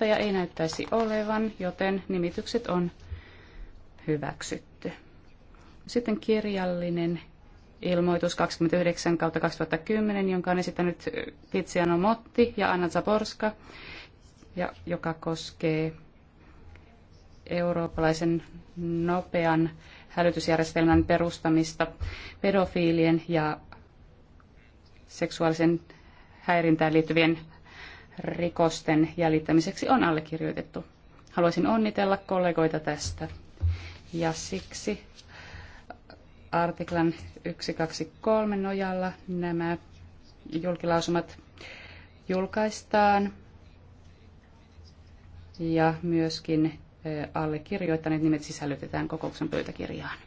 vastustaja ei näyttäisi olevan, joten nimitykset on hyväksytty. Sitten kirjallinen ilmoitus 29 kautta 2010, jonka on esittänyt Tiziano Motti ja Anna Zaborska, ja joka koskee eurooppalaisen nopean hälytysjärjestelmän perustamista pedofiilien ja seksuaalisen häirintään liittyvien rikosten jäljittämiseksi on allekirjoitettu. Haluaisin onnitella kollegoita tästä. Ja siksi artiklan 123 nojalla nämä julkilausumat julkaistaan ja myöskin allekirjoittaneet nimet sisällytetään kokouksen pöytäkirjaan.